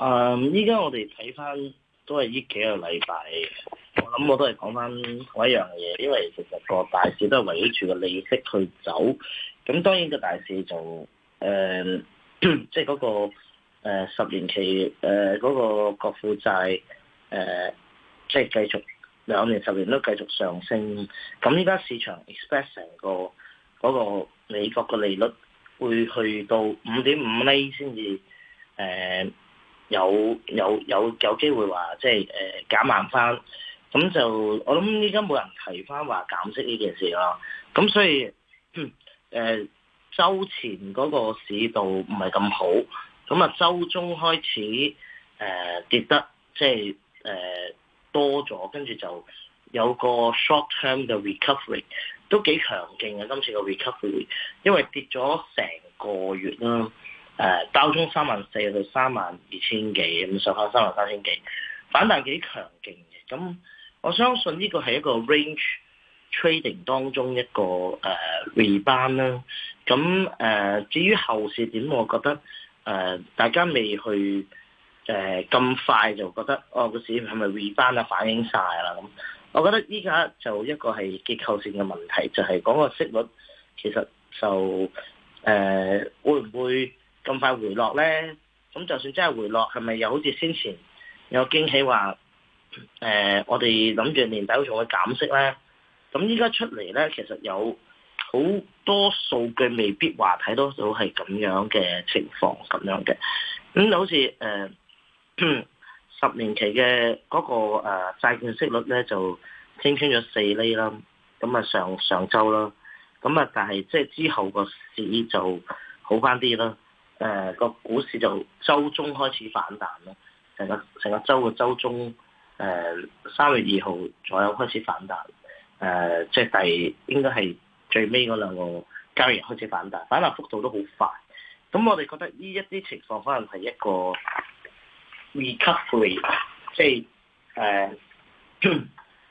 誒，依家、um, 我哋睇翻都係呢幾個禮拜，我諗我都係講翻同一樣嘢，因為其實個大市都係圍繞住個利息去走。咁當然個大市就誒、呃、即係、那、嗰個、呃、十年期誒嗰、呃那個國庫債、呃、即係繼續兩年、十年都繼續上升。咁依家市場 expect 成個嗰、那個、美國個利率會去到五點五厘先至誒。呃有有有有機會話即係誒、呃、減慢翻，咁就我諗依家冇人提翻話減息呢件事咯。咁所以誒、嗯呃、週前嗰個市道唔係咁好，咁啊周中開始誒、呃、跌得即係誒、呃、多咗，跟住就有個 short term 嘅 recovery 都幾強勁嘅，今次個 recovery，因為跌咗成個月啦。誒交中三萬四到三萬二千幾，咁上返三萬三千幾，反彈幾強勁嘅。咁我相信呢個係一個 range trading 當中一個誒 rebound 啦。咁、呃、誒至於後市點，我覺得誒、呃、大家未去誒咁、呃、快就覺得哦個市係咪 rebound 啊，反映晒啦咁。我覺得依家就一個係結構性嘅問題，就係、是、講個息率其實就誒、呃、會唔會？咁快回落咧？咁就算真係回落，係咪又好似先前有驚喜話？誒、呃，我哋諗住年底會仲會減息咧。咁依家出嚟咧，其實有好多數據未必話睇到到係咁樣嘅情況咁樣嘅。咁好似誒、呃、十年期嘅嗰、嗰個誒、呃、債券息率咧，就升穿咗四厘啦。咁啊上上週啦，咁啊但係即係之後個市就好翻啲啦。誒、呃、個股市就周中開始反彈咯，成個成個周嘅周中，誒、呃、三月二號左右開始反彈，誒即係第應該係最尾嗰兩個交易日開始反彈，反彈幅度都好快。咁我哋覺得呢一啲情況可能係一個 recovery，即、就、係、是、誒、呃、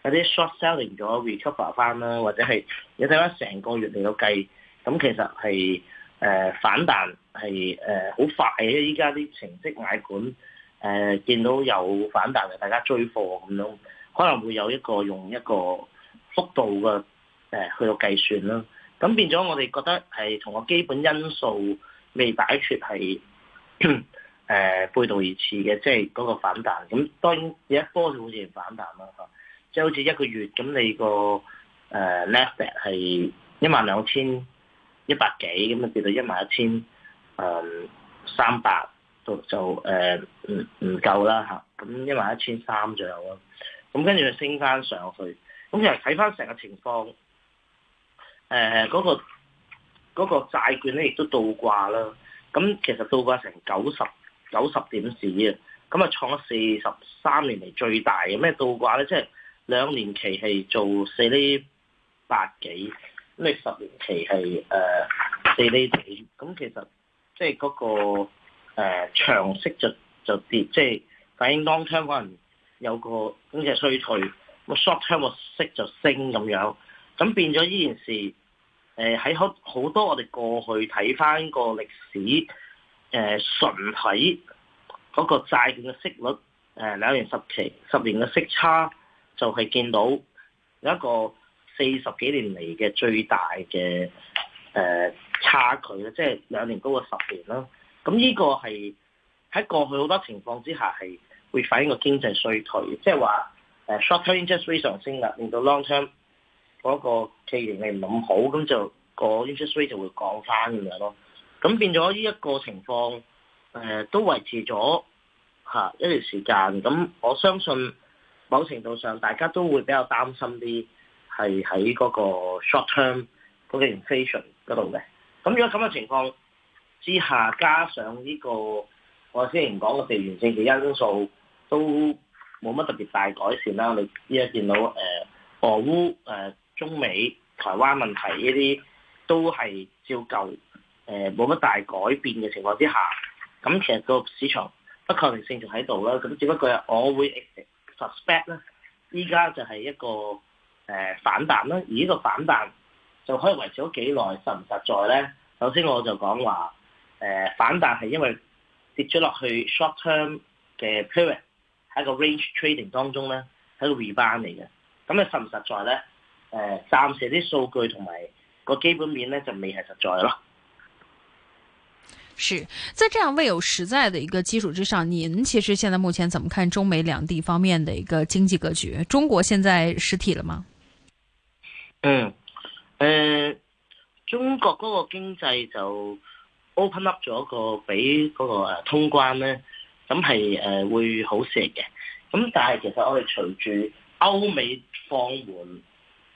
有啲 short selling 咗 recover 翻啦，或者係你睇翻成個月嚟到計，咁其實係。誒、呃、反彈係誒好快嘅，依家啲程式買盤誒、呃、見到有反彈嘅，大家追貨咁樣，可能會有一個用一個幅度嘅誒、呃、去到計算啦。咁變咗我哋覺得係同個基本因素未擺脫係誒、呃、背道而馳嘅，即係嗰個反彈。咁當然有一波就好似反彈啦嚇，即、就、係、是、好似一個月咁，你個誒 NASDAQ 係一萬兩千，一百幾咁就跌到一萬一千，誒三百到就誒唔唔夠啦嚇，咁一萬一千三左右咯。咁跟住就升翻上去，咁又睇翻成個情況，誒嗰個嗰個債券咧亦都倒掛啦。咁其實倒掛成九十九十點子啊，咁啊創咗四十三年嚟最大嘅咩倒掛咧，即係兩年期係做四呢八幾。咩十年期係誒四釐幾？咁、呃、其實即係嗰、嗰個誒、呃、長息就就跌，即係反映 long term 嗰陣有個經濟衰退，咁 short term 個息就升咁樣。咁變咗依件事誒喺好好多我哋過去睇翻、呃、個歷史誒純睇嗰個債券嘅息率誒兩、呃、年十期十年嘅息差就係見到有一個。四十幾年嚟嘅最大嘅誒、呃、差距咧，即係兩年高過十年啦。咁呢個係喺過去好多情況之下係會反映個經濟衰退，即係話誒、呃、short-term interest rate 上升啦，令到 long-term 嗰、那個企型係唔好，咁就、那個 interest rate 就會降翻咁樣咯。咁變咗呢一個情況誒、呃、都維持咗嚇、啊、一段時間。咁我相信某程度上大家都會比較擔心啲。係喺嗰個 short term 嗰個 inflation 嗰度嘅。咁如果咁嘅情況之下，加上呢、這個我先前講嘅地緣政治因素，都冇乜特別大改善啦。我哋依家見到誒、呃、俄烏誒、呃、中美台灣問題呢啲都係照舊誒冇乜大改變嘅情況之下，咁其實個市場不確定性仲喺度啦。咁只不過係我會 suspect 啦，依家就係一個。誒、呃、反彈啦，而呢個反彈就可以維持咗幾耐，實唔實在咧？首先我就講話，誒、呃、反彈係因為跌咗落去 short term 嘅 period 喺個 range trading 當中咧，係個 rebound 嚟嘅。咁、嗯、你實唔實在咧？誒、呃，暫時啲數據同埋個基本面咧就未係實在咯。是在這樣未有實在的一個基礎之上，您其實現在目前怎麼看中美兩地方面的一個經濟格局？中國現在實體了嗎？嗯，誒、呃，中國嗰個經濟就 open up 咗個俾嗰、那個誒、啊、通關咧，咁係誒會好蝕嘅。咁但係其實我哋隨住歐美放緩，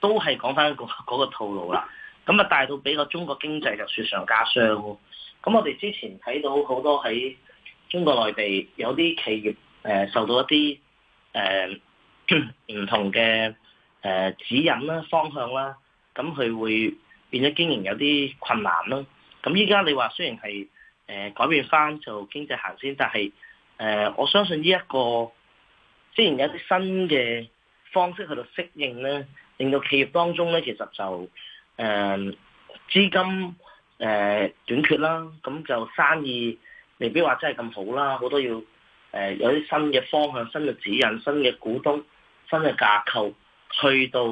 都係講翻嗰嗰個套路啦。咁啊，大到俾個中國經濟就雪上加霜。咁我哋之前睇到好多喺中國內地有啲企業誒、呃、受到一啲誒唔同嘅。誒、呃、指引啦，方向啦，咁佢會變咗經營有啲困難囉。咁依家你話雖然係誒、呃、改變翻做經濟行先，但係誒、呃、我相信呢、這、一個，雖然有啲新嘅方式去到適應咧，令到企業當中咧其實就誒、呃、資金誒、呃、短缺啦，咁就生意未必話真係咁好啦。好多要誒、呃、有啲新嘅方向、新嘅指引、新嘅股東、新嘅架構。去到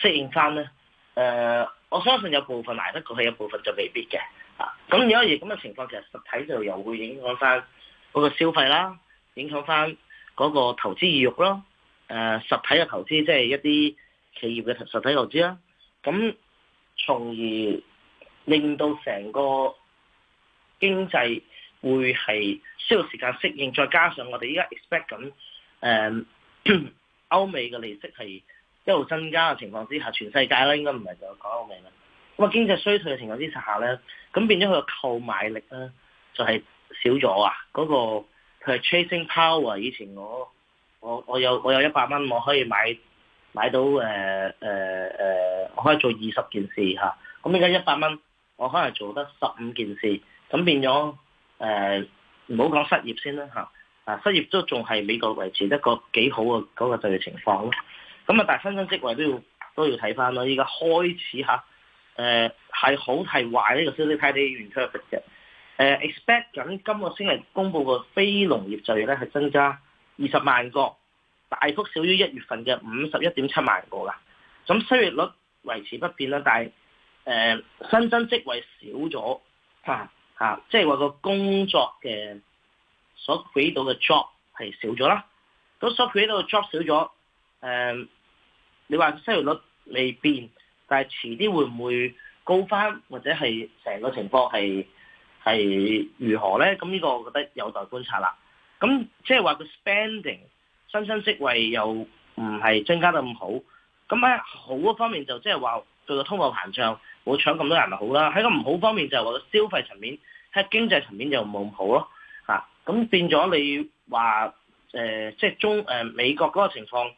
適應翻咧，誒、呃，我相信有部分捱得過去，有部分就未必嘅，啊，咁而家而咁嘅情況，其實實體就又會影響翻嗰個消費啦，影響翻嗰個投資意欲咯，誒、呃，實體嘅投資即係一啲企業嘅實體投資啦，咁、啊、從而令到成個經濟會係需要時間適應，再加上我哋依家 expect 緊誒。呃 歐美嘅利息係一路增加嘅情況之下，全世界咧應該唔係就講歐美啦。咁啊，經濟衰退嘅情況之下咧，咁變咗佢嘅購買力咧就係、是、少咗啊。嗰、那個佢係 chasing power，以前我我我有我有一百蚊，我可以買買到誒誒誒，呃呃、我可以做二十件事嚇。咁而家一百蚊，我可能做得十五件事，咁變咗誒，唔好講失業先啦嚇。啊啊，失業都仲係美國維持一個幾好嘅嗰個就業情況咯。咁啊，但係新增職位都要都要睇翻咯。依家開始嚇，誒係好係壞呢、這個消息睇啲預測嘅。誒 expect 緊今個星期公布個非農業就業咧係增加二十萬個，大幅少於一月份嘅五十一點七萬個㗎。咁失業率維持不變啦，但係誒、呃、新增職位少咗嚇嚇，即係話個工作嘅。所俾到嘅 job 係少咗啦，咁所俾到嘅 job 少咗，誒、嗯，你話個失業率未變，但係遲啲會唔會高翻，或者係成個情況係係如何咧？咁呢個我覺得有待觀察啦。咁即係話個 spending 新新息位又唔係增加得咁好，咁喺好，好，好方面就即係話對個通貨膨脹冇搶咁多人好啦。喺個唔好方面就係話個消費層面喺經濟層面就冇咁好咯。咁變咗你話誒、呃，即係中誒、呃、美國嗰個情況誒、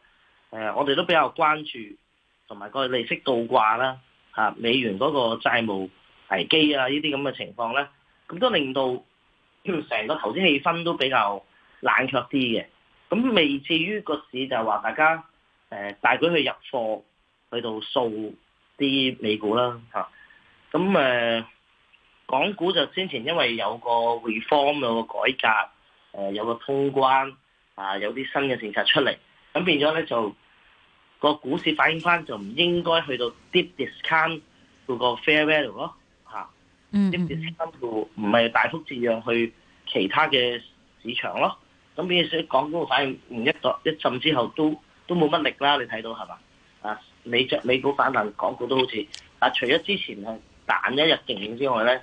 呃，我哋都比較關注，同埋個利息倒掛啦，嚇、啊、美元嗰個債務危機啊，呢啲咁嘅情況咧，咁都令到成個投資氣氛都比較冷卻啲嘅。咁未至於個市就話大家誒帶佢去入貨去到掃啲美股啦，嚇咁誒。港股就先前因為有個 reform 有個改革，誒有個通關，啊有啲新嘅政策出嚟，咁變咗咧就個股市反映翻就唔應該去到 deep discount 個 fair value 咯，嚇、啊 mm hmm.，deep discount 度唔係大幅折讓去其他嘅市場咯，咁變相港股反應，唔一落一浸之後都都冇乜力啦，你睇到係嘛？啊，美著美股反彈，港股都好似，啊，除咗之前係彈一日勁點之外咧。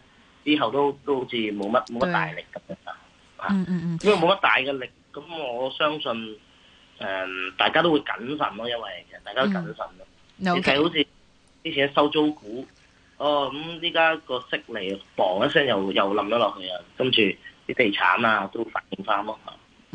之後都都好似冇乜冇乜大力咁樣啊，嗯嗯嗯，因為冇乜大嘅力，咁我相信誒、呃、大家都會謹慎咯，因為大家都謹慎咯。啲嘢、嗯、好似之前收租股，哦咁依家個息嚟，嘣一聲又又冧咗落去啊，跟住啲地產啊都反映翻咯。